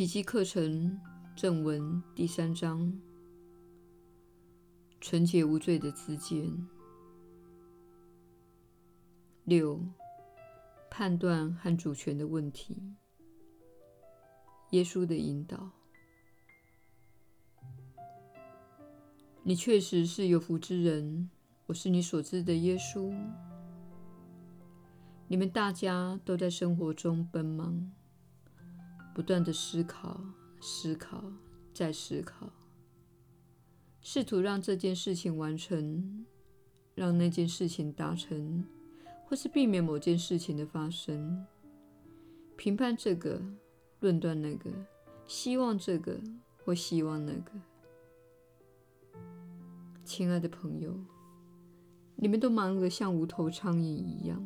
奇蹟課程正文第三章：純潔無罪的知見。六、判斷和主權的問題。耶穌的引導。你確實是有福之人，我是你所知的耶穌。你們大家都在生活中奔忙。不斷地思考，思考，再思考，試圖讓這件事情完成，讓那件事情達成，或是避免某件事情的發生，評判這個，論斷那個，希望這個或希望那個。親愛的朋友，你們都忙得像無頭蒼蠅一樣。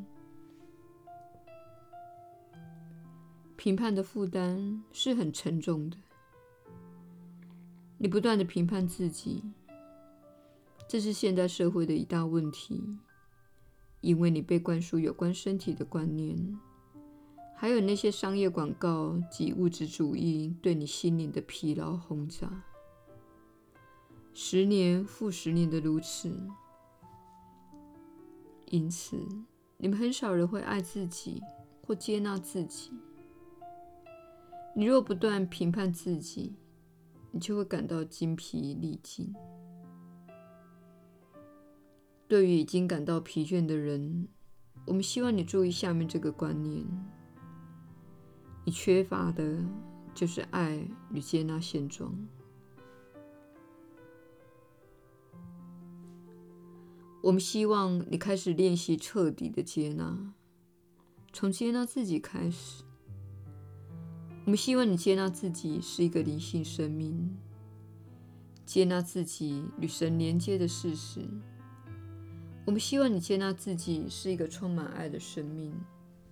評判的負擔是很沉重的。你不斷的評判自己，這是現代社會的一大問題，因為你被灌輸有關身體的觀念，還有那些商業廣告及物質主義對你心靈的疲勞轟炸，十年復十年的如此。因此，你們很少人會愛自己或接納自己。你若不斷評判自己，你就會感到精疲力盡。對於已經感到疲倦的人，我們希望你注意下面這個觀念：你缺乏的就是愛與接納現狀。我們希望你開始練習徹底的接納，從接納自己開始。我們希望你接納自己是一個靈性生命，接納自己與神連結的事實。我們希望你接納自己是一個充滿愛的生命，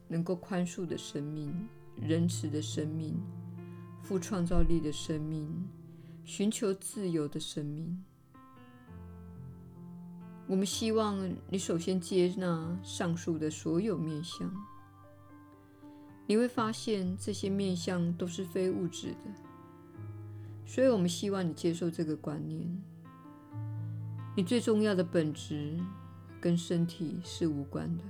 能夠寬恕的生命，仁慈的生命，富創造力的生命，尋求自由的生命。我們希望你首先接納上述的所有面向。你會發現這些面向都是非物質的，所以我們希望你接受這個觀念，你最重要的本質跟身體是無關的。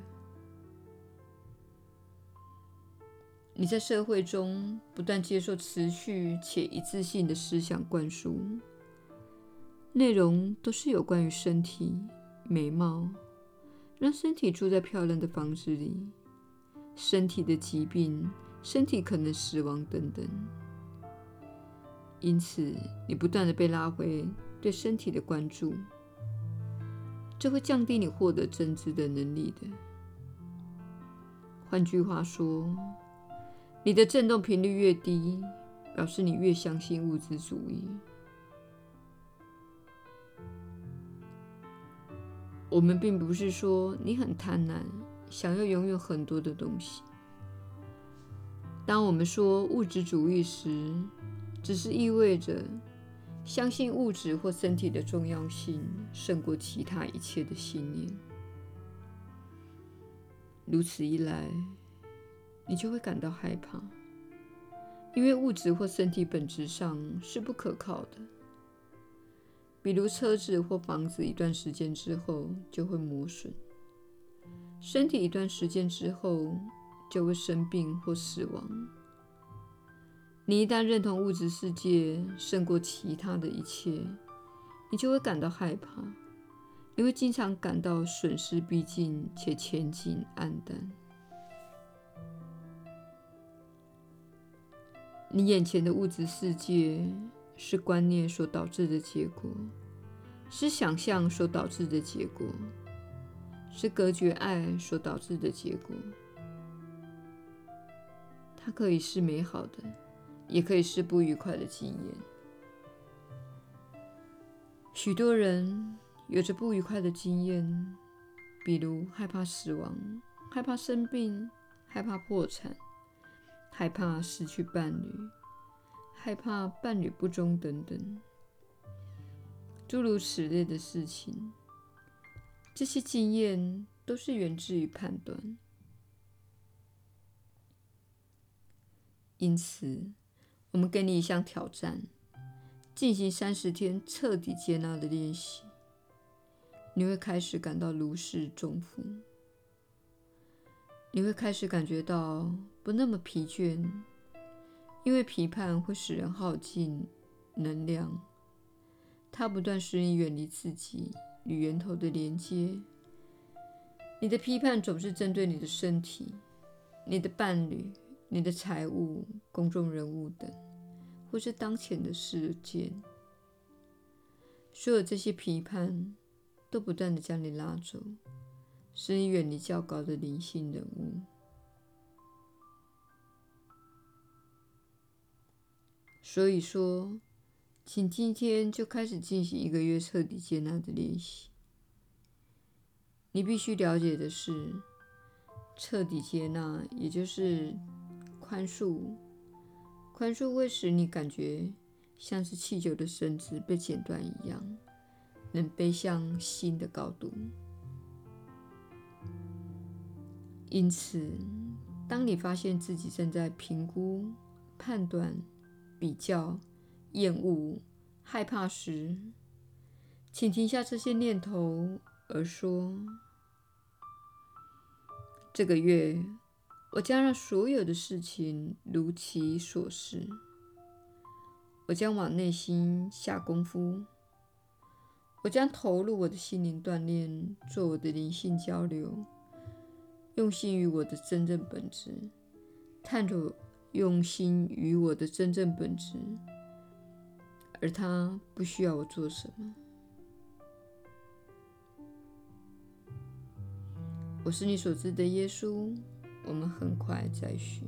你在社會中不斷接受持續且一致性的思想灌輸，內容都是有關於身體、美貌，讓身體住在漂亮的房子裡。身體的疾病、身體可能死亡等等，因此你不斷的被拉回對身體的關注，這會降低你獲得真知的能力的。換句話說，你的振動頻率越低，表示你越相信物質主義。我們並不是說你很貪婪。想要擁有很多的東西。當我們說物質主義時，只是意味着相信物質或身體的重要性勝過其他一切的信念。如此一來，你就會感到害怕，因為物質或身體本質上是不可靠的。比如車子或房子，一段時間之後就會磨損。身體一段時間之後就會生病或死亡。你一旦認同物質世界勝過其他的一切，你就會感到害怕。你會經常感到損失逼近且前景黯淡。你眼前的物質世界是觀念所導致的結果，是想象所導致的結果。是隔絕愛所導致的結果。它可以是美好的，也可以是不愉快的經驗。許多人有着不愉快的經驗，比如害怕死亡、害怕生病、害怕破產、害怕失去伴侶、害怕伴侶不忠等等，諸如此類的事情。這些經驗都是源自於判斷，因此，我們給你一項挑戰：進行三十天徹底接納的練習。你會開始感到如釋重負，你會開始感覺到不那麼疲倦，因為批判會使人耗盡能量，它不斷使你遠離自己。與源頭的連接，你的批判總是針對你的身體、你的伴侶、你的財務、公眾人物等，或是當前的事件。所有這些批判都不斷地將你拉走，使你遠離較高的靈性人物。所以說，請今天就開始進行一個月徹底接納的練習。你必須了解的是，徹底接納也就是寬恕。寬恕會使你感覺像是氣球的繩子被剪斷一樣，能飛向新的高度。因此，當你發現自己正在評估、判斷、比較，厭惡、害怕時，請停下這些念頭，而說：“這個月，我將讓所有的事情如其所是。我將往內心下功夫，我將投入我的心靈鍛煉，做我的靈性交流，用心於我的真正本質，探索用心於我的真正本質。”而它不需要我做什麼。我是你所知的耶穌。我們很快再敘。